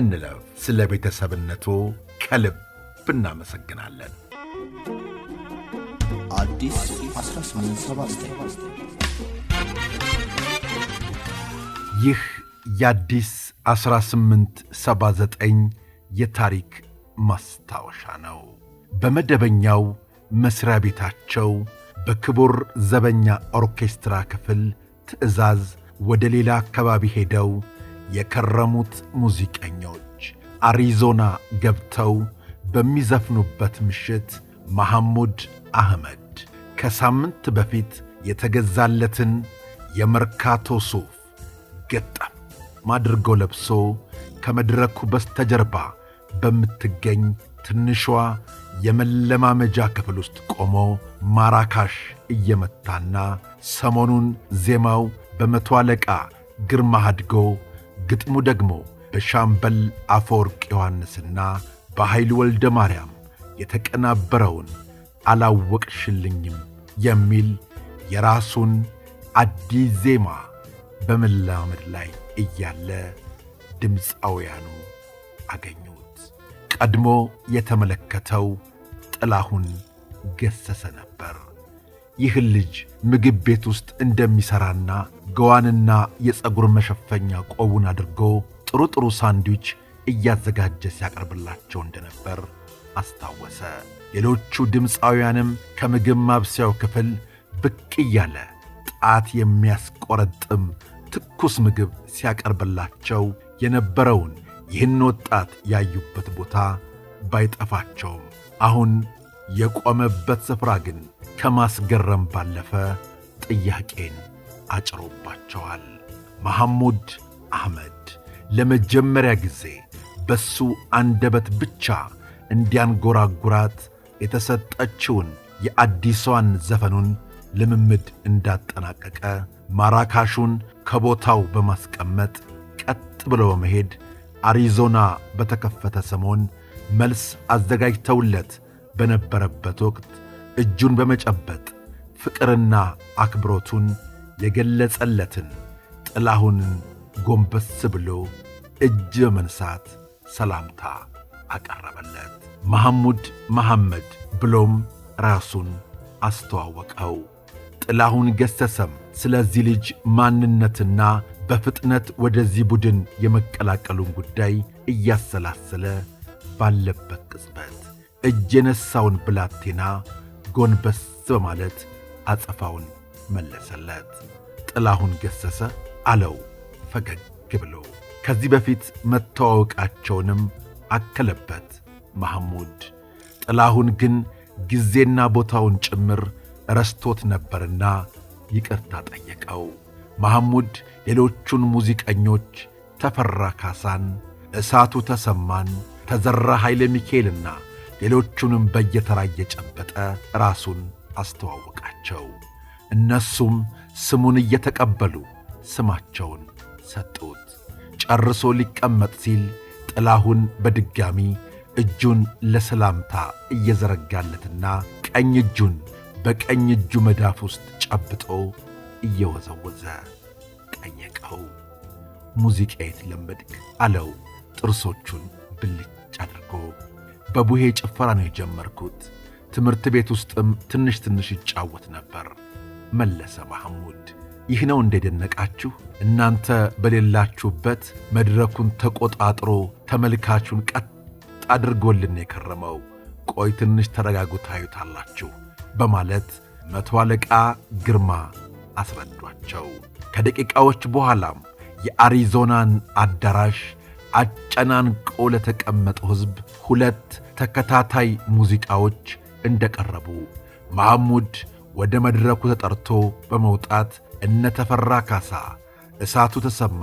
እንለፍ። ስለ ቤተሰብነቱ ከልብ እናመሰግናለን። ይህ የአዲስ 1879 የታሪክ ማስታወሻ ነው። በመደበኛው መሥሪያ ቤታቸው በክቡር ዘበኛ ኦርኬስትራ ክፍል ትዕዛዝ ወደ ሌላ አካባቢ ሄደው የከረሙት ሙዚቀኞች አሪዞና ገብተው በሚዘፍኑበት ምሽት መሐሙድ አህመድ ከሳምንት በፊት የተገዛለትን የመርካቶ ሱፍ ገጠም ማድርጎ ለብሶ ከመድረኩ በስተጀርባ በምትገኝ ትንሿ የመለማመጃ ክፍል ውስጥ ቆሞ ማራካሽ እየመታና ሰሞኑን ዜማው በመቶ አለቃ ግርማ አድጎ ግጥሙ ደግሞ በሻምበል አፈወርቅ ዮሐንስና በኃይል ወልደ ማርያም የተቀናበረውን አላወቅሽልኝም የሚል የራሱን አዲስ ዜማ በመላመድ ላይ እያለ ድምፃውያኑ አገኙት። ቀድሞ የተመለከተው ጥላሁን ገሰሰ ነበር። ይህ ልጅ ምግብ ቤት ውስጥ እንደሚሠራና ገዋንና የፀጉር መሸፈኛ ቆቡን አድርጎ ጥሩ ጥሩ ሳንድዊች እያዘጋጀ ሲያቀርብላቸው እንደነበር አስታወሰ። ሌሎቹ ድምፃውያንም ከምግብ ማብሰያው ክፍል ብቅ እያለ ጣት የሚያስቆረጥም ትኩስ ምግብ ሲያቀርብላቸው የነበረውን ይህን ወጣት ያዩበት ቦታ ባይጠፋቸውም አሁን የቆመበት ስፍራ ግን ከማስገረም ባለፈ ጥያቄን አጭሮባቸዋል። መሐሙድ አህመድ ለመጀመሪያ ጊዜ በሱ አንደበት ብቻ እንዲያንጎራጉራት የተሰጠችውን የአዲሷን ዘፈኑን ልምምድ እንዳጠናቀቀ ማራካሹን ከቦታው በማስቀመጥ ቀጥ ብሎ በመሄድ አሪዞና በተከፈተ ሰሞን መልስ አዘጋጅተውለት በነበረበት ወቅት እጁን በመጨበጥ ፍቅርና አክብሮቱን የገለጸለትን ጥላሁንን ጎንበስ ብሎ እጅ በመንሳት ሰላምታ አቀረበለት። መሐሙድ መሐመድ ብሎም ራሱን አስተዋወቀው። ጥላሁን ገሰሰም ስለዚህ ልጅ ማንነትና በፍጥነት ወደዚህ ቡድን የመቀላቀሉን ጉዳይ እያሰላሰለ ባለበት ቅጽበት እጅ የነሳውን ብላቴና ጎንበስ በማለት አጸፋውን መለሰለት። ጥላሁን ገሰሰ አለው ፈገግ ብሎ። ከዚህ በፊት መተዋወቃቸውንም አከለበት ማህሙድ። ጥላሁን ግን ጊዜና ቦታውን ጭምር ረስቶት ነበርና ይቅርታ ጠየቀው። ማህሙድ ሌሎቹን ሙዚቀኞች ተፈራ ካሳን፣ እሳቱ ተሰማን፣ ተዘራ ኃይለ ሚካኤልና ሌሎቹንም በየተራ እየጨበጠ ራሱን አስተዋወቃቸው። እነሱም ስሙን እየተቀበሉ ስማቸውን ሰጡት። ጨርሶ ሊቀመጥ ሲል ጥላሁን በድጋሚ እጁን ለሰላምታ እየዘረጋለትና ቀኝ እጁን በቀኝ እጁ መዳፍ ውስጥ ጨብጦ እየወዘወዘ ጠየቀው። ሙዚቃ የት ለመድክ አለው ጥርሶቹን ብልጭ አድርጎ በቡሄ ጭፈራ ነው የጀመርኩት። ትምህርት ቤት ውስጥም ትንሽ ትንሽ ይጫወት ነበር። መለሰ ማህሙድ ይህ ነው እንደደነቃችሁ እናንተ በሌላችሁበት መድረኩን ተቆጣጥሮ ተመልካቹን ቀጥ አድርጎልን የከረመው። ቆይ ትንሽ ተረጋጉ ታዩታላችሁ በማለት መቶ አለቃ ግርማ አስረዷቸው። ከደቂቃዎች በኋላም የአሪዞናን አዳራሽ አጨናንቆ ለተቀመጠው ሕዝብ ሁለት ተከታታይ ሙዚቃዎች እንደቀረቡ መሐሙድ ወደ መድረኩ ተጠርቶ በመውጣት እነ ተፈራ ካሳ፣ እሳቱ ተሰማ፣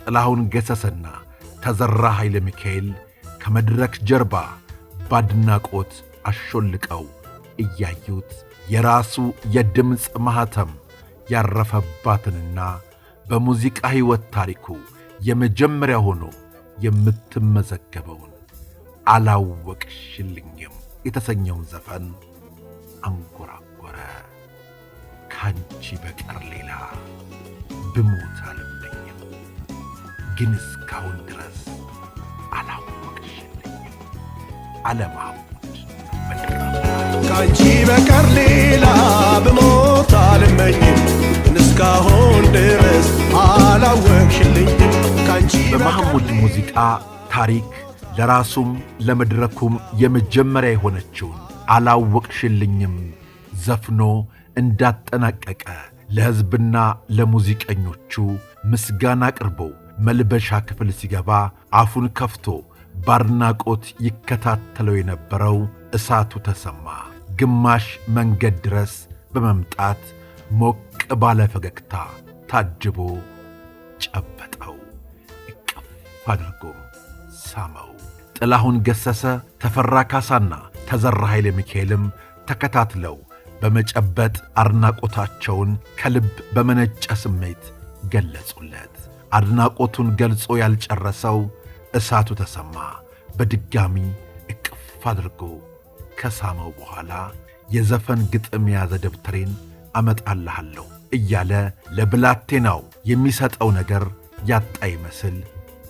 ጥላሁን ገሰሰና ተዘራ ኃይለ ሚካኤል ከመድረክ ጀርባ ባድናቆት አሾልቀው እያዩት የራሱ የድምፅ ማኅተም ያረፈባትንና በሙዚቃ ሕይወት ታሪኩ የመጀመሪያ ሆኖ የምትመዘገበውን አላወቅሽልኝም የተሰኘውን ዘፈን አንጎራጎረ። ካንቺ በቀር ሌላ ብሞት አልመኝም፣ ግን እስካሁን ድረስ አላወቅሽልኝም። አለማሙድ ካንቺ በቀር ሌላ ብሞት አልመኝም እስካሁን በመሐሙድ ሙዚቃ ታሪክ ለራሱም ለመድረኩም የመጀመሪያ የሆነችውን አላወቅሽልኝም ዘፍኖ እንዳጠናቀቀ ለሕዝብና ለሙዚቀኞቹ ምስጋና አቅርቦ መልበሻ ክፍል ሲገባ አፉን ከፍቶ ባድናቆት ይከታተለው የነበረው እሳቱ ተሰማ ግማሽ መንገድ ድረስ በመምጣት ሞቅ ባለ ፈገግታ ታጅቦ ጨበጠው። አድርጎ ሳመው። ጥላሁን ገሰሰ፣ ተፈራ ካሳና ተዘራ ኃይለ ሚካኤልም ተከታትለው በመጨበጥ አድናቆታቸውን ከልብ በመነጨ ስሜት ገለጹለት። አድናቆቱን ገልጾ ያልጨረሰው እሳቱ ተሰማ በድጋሚ እቅፍ አድርጎ ከሳመው በኋላ የዘፈን ግጥም የያዘ ደብተሬን አመጣልሃለሁ እያለ ለብላቴናው የሚሰጠው ነገር ያጣ ይመስል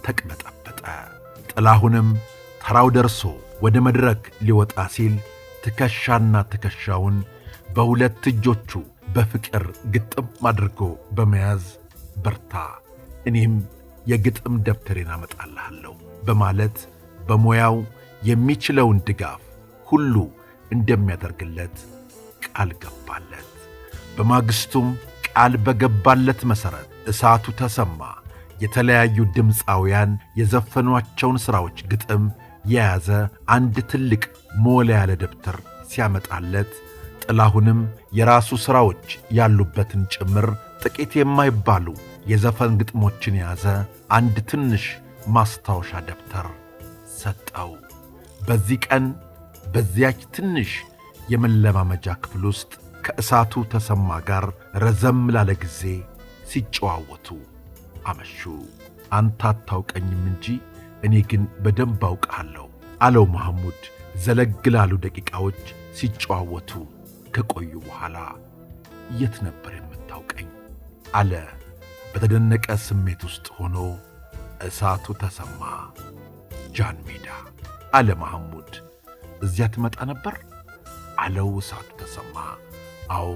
ተቅበጠበጠ። ጥላሁንም ተራው ደርሶ ወደ መድረክ ሊወጣ ሲል ትከሻና ትከሻውን በሁለት እጆቹ በፍቅር ግጥም አድርጎ በመያዝ በርታ፣ እኔም የግጥም ደብተሬን አመጣልሃለሁ በማለት በሙያው የሚችለውን ድጋፍ ሁሉ እንደሚያደርግለት ቃል ገባለት። በማግስቱም ቃል በገባለት መሠረት እሳቱ ተሰማ። የተለያዩ ድምፃውያን የዘፈኗቸውን ሥራዎች ግጥም የያዘ አንድ ትልቅ ሞላ ያለ ደብተር ሲያመጣለት ጥላሁንም የራሱ ሥራዎች ያሉበትን ጭምር ጥቂት የማይባሉ የዘፈን ግጥሞችን የያዘ አንድ ትንሽ ማስታወሻ ደብተር ሰጠው። በዚህ ቀን በዚያች ትንሽ የመለማመጃ ክፍል ውስጥ ከእሳቱ ተሰማ ጋር ረዘም ላለ ጊዜ ሲጨዋወቱ አመሹ። አንተ አታውቀኝም እንጂ እኔ ግን በደንብ አውቅሃለሁ አለው መሐሙድ። ዘለግ ላሉ ደቂቃዎች ሲጨዋወቱ ከቆዩ በኋላ የት ነበር የምታውቀኝ? አለ በተደነቀ ስሜት ውስጥ ሆኖ። እሳቱ ተሰማ። ጃን ሜዳ አለ መሐሙድ። እዚያ ትመጣ ነበር አለው። እሳቱ ተሰማ። አዎ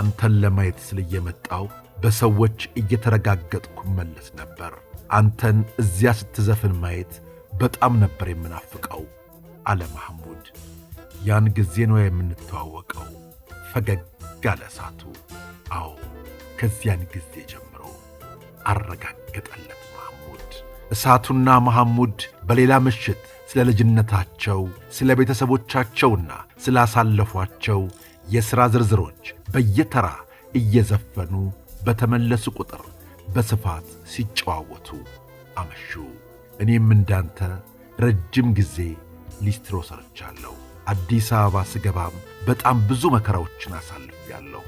አንተን ለማየት ስል እየመጣው በሰዎች እየተረጋገጥኩ መለስ ነበር። አንተን እዚያ ስትዘፍን ማየት በጣም ነበር የምናፍቀው አለ ማህሙድ። ያን ጊዜ ነው የምንተዋወቀው። ፈገግ አለ እሳቱ። አዎ ከዚያን ጊዜ ጀምሮ አረጋገጠለት ማህሙድ። እሳቱና ማህሙድ በሌላ ምሽት ስለ ልጅነታቸው፣ ስለ ቤተሰቦቻቸውና ስላሳለፏቸው የሥራ ዝርዝሮች በየተራ እየዘፈኑ በተመለሱ ቁጥር በስፋት ሲጨዋወቱ አመሹ። እኔም እንዳንተ ረጅም ጊዜ ሊስትሮ ሰርቻለሁ፣ አዲስ አበባ ስገባም በጣም ብዙ መከራዎችን አሳልፌያለሁ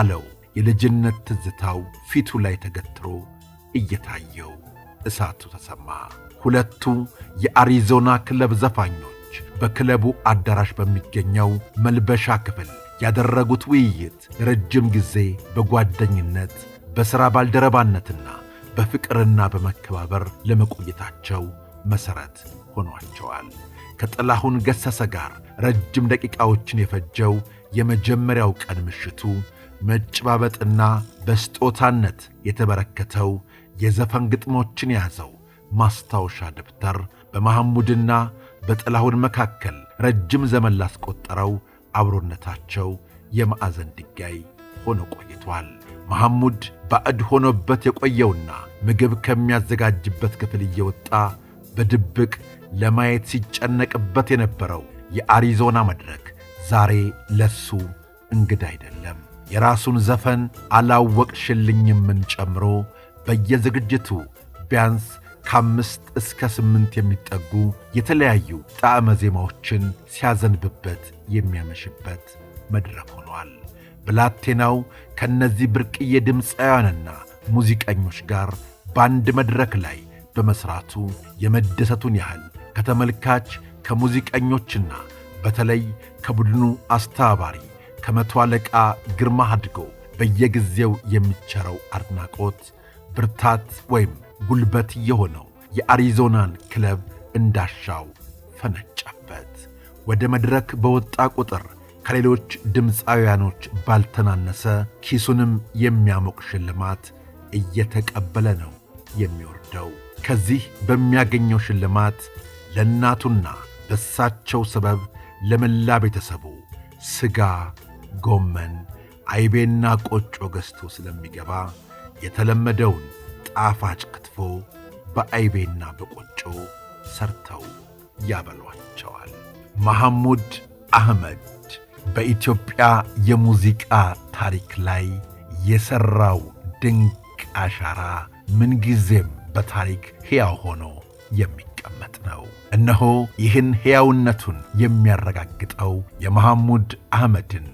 አለው። የልጅነት ትዝታው ፊቱ ላይ ተገትሮ እየታየው እሳቱ ተሰማ። ሁለቱ የአሪዞና ክለብ ዘፋኞች በክለቡ አዳራሽ በሚገኘው መልበሻ ክፍል ያደረጉት ውይይት ለረጅም ጊዜ በጓደኝነት በሥራ ባልደረባነትና በፍቅርና በመከባበር ለመቆየታቸው መሠረት ሆኗቸዋል። ከጥላሁን ገሰሰ ጋር ረጅም ደቂቃዎችን የፈጀው የመጀመሪያው ቀን ምሽቱ መጨባበጥና በስጦታነት የተበረከተው የዘፈን ግጥሞችን የያዘው ማስታወሻ ደብተር በመሐሙድና በጥላሁን መካከል ረጅም ዘመን ላስቆጠረው አብሮነታቸው የማዕዘን ድንጋይ ሆኖ ቆይቷል። መሐሙድ ባዕድ ሆኖበት የቆየውና ምግብ ከሚያዘጋጅበት ክፍል እየወጣ በድብቅ ለማየት ሲጨነቅበት የነበረው የአሪዞና መድረክ ዛሬ ለሱ እንግዳ አይደለም። የራሱን ዘፈን አላወቅሽልኝምን ጨምሮ በየዝግጅቱ ቢያንስ ከአምስት እስከ ስምንት የሚጠጉ የተለያዩ ጣዕመ ዜማዎችን ሲያዘንብበት የሚያመሽበት መድረክ ሆኗል። ብላቴናው ከእነዚህ ብርቅዬ ድምፃውያንና ሙዚቀኞች ጋር በአንድ መድረክ ላይ በመሥራቱ የመደሰቱን ያህል ከተመልካች ከሙዚቀኞችና በተለይ ከቡድኑ አስተባባሪ ከመቶ አለቃ ግርማ አድጎ በየጊዜው የሚቸረው አድናቆት ብርታት ወይም ጉልበት የሆነው የአሪዞናን ክለብ እንዳሻው ፈነጫበት። ወደ መድረክ በወጣ ቁጥር ከሌሎች ድምፃውያኖች ባልተናነሰ ኪሱንም የሚያሞቅ ሽልማት እየተቀበለ ነው የሚወርደው። ከዚህ በሚያገኘው ሽልማት ለእናቱና በሳቸው ሰበብ ለመላ ቤተሰቡ ሥጋ፣ ጎመን፣ አይቤና ቆጮ ገዝቶ ስለሚገባ የተለመደውን ጣፋጭ ክትፎ በአይቤና በቆጮ ሰርተው ያበሏቸዋል። መሐሙድ አህመድ በኢትዮጵያ የሙዚቃ ታሪክ ላይ የሠራው ድንቅ አሻራ ምንጊዜም በታሪክ ሕያው ሆኖ የሚቀመጥ ነው። እነሆ ይህን ሕያውነቱን የሚያረጋግጠው የመሐሙድ አህመድን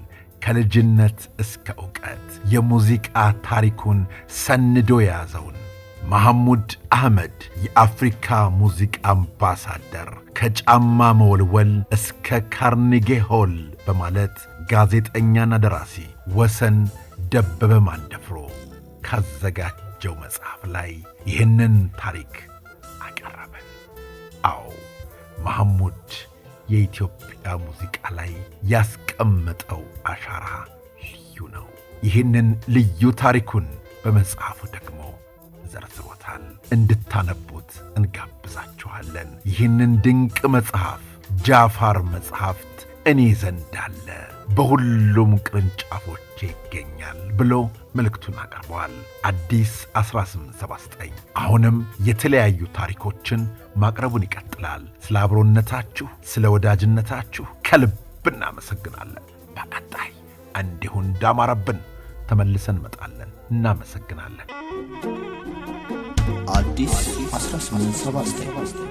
ከልጅነት እስከ ዕውቀት የሙዚቃ ታሪኩን ሰንዶ የያዘውን መሐሙድ አህመድ የአፍሪካ ሙዚቃ አምባሳደር ከጫማ መወልወል እስከ ካርኒጌ ሆል በማለት ጋዜጠኛና ደራሲ ወሰን ደበበ ማንደፍሮ ካዘጋጀው መጽሐፍ ላይ ይህንን ታሪክ አቀረበ። አዎ መሐሙድ የኢትዮጵያ ሙዚቃ ላይ ያስቀመጠው አሻራ ልዩ ነው። ይህንን ልዩ ታሪኩን በመጽሐፉ ደግሞ ዘርዝሮታል። እንድታነቡት እንጋብዛችኋለን። ይህንን ድንቅ መጽሐፍ ጃፋር መጽሐፍት እኔ ዘንድ አለ በሁሉም ቅርንጫፎች ይገኛል ብሎ መልእክቱን አቅርበዋል። አዲስ 1879 አሁንም የተለያዩ ታሪኮችን ማቅረቡን ይቀጥላል። ስለ አብሮነታችሁ፣ ስለ ወዳጅነታችሁ ከልብ እናመሰግናለን። በቀጣይ እንዲሁ እንዳማረብን ተመልሰን እንመጣለን። እናመሰግናለን። አዲስ 1879